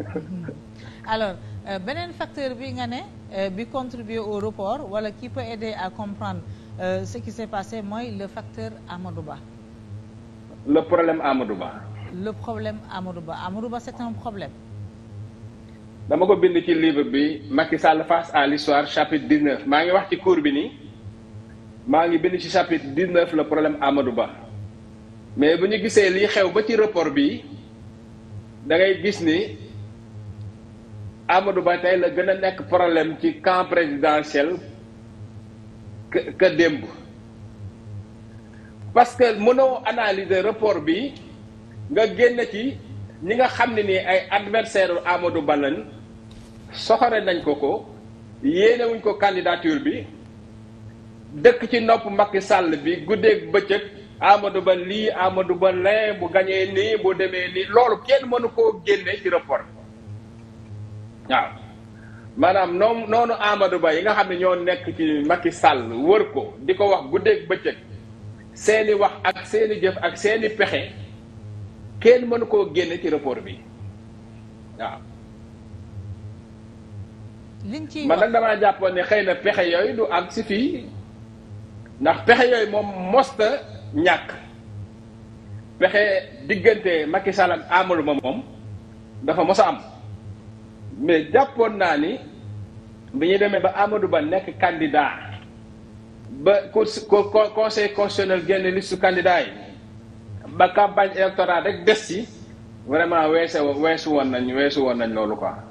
alors euh, beneen facteur bi nga ne euh, bi contribuer au report wala qui peut aider à comprendre euh, ce qui s'est passé mooy le facteur Amadou Ba. le problème Amadou Ba. le problème Amadou Ba Amadou Ba c'est un problème. dama ko bind ci livre bi Macky Sall face à l'histoire chapitre 19 maa ngi wax ci cours bi nii maa ngi bind ci chapitre 19 le problème Amadou Ba mais bu ñu gisee li xew ba ci report bi da gis ni. Amadou Ba tey la gën a nekk problème ci camp présidentiel que que démb parce que mënoo analyser report bi nga génn ci ñi nga xam ne ni ay adversaire Amadou Ba lañ soxore nañ ko ko yéenewuñ ko candidature bi dëkk ci nopp Macky sàll bi guddeeg bëccëg Amadou Ba lii Amadou Ba lee bu gañee nii bu demee ni loolu kenn mënu koo génne ci report waaw maanaam noonu noonu Amadou Ba yi nga xam ne ñoo nekk ci Macky Sall wër ko di ko wax guddeeg bëccëg seeni wax ak seeni jëf ak seeni pexe kenn mënu koo génne ci rapport bi waaw. liñ ciy man nag damaa jàppoon ni xëy na pexe yooyu du am si fii ndax pexe yooyu moom mosta ñàkk pexe diggante Macky Sall ak Amadou Ba moom dafa mos a am. mais jàppoon naa ni bi ñu demee ba amadu Ba nekk candidat ba co conseil constitutionnel génne liste candidat yi ba campagne électorale rek des ci vraiment weese weesu woon nañ weesu woon nañ loolu quoi.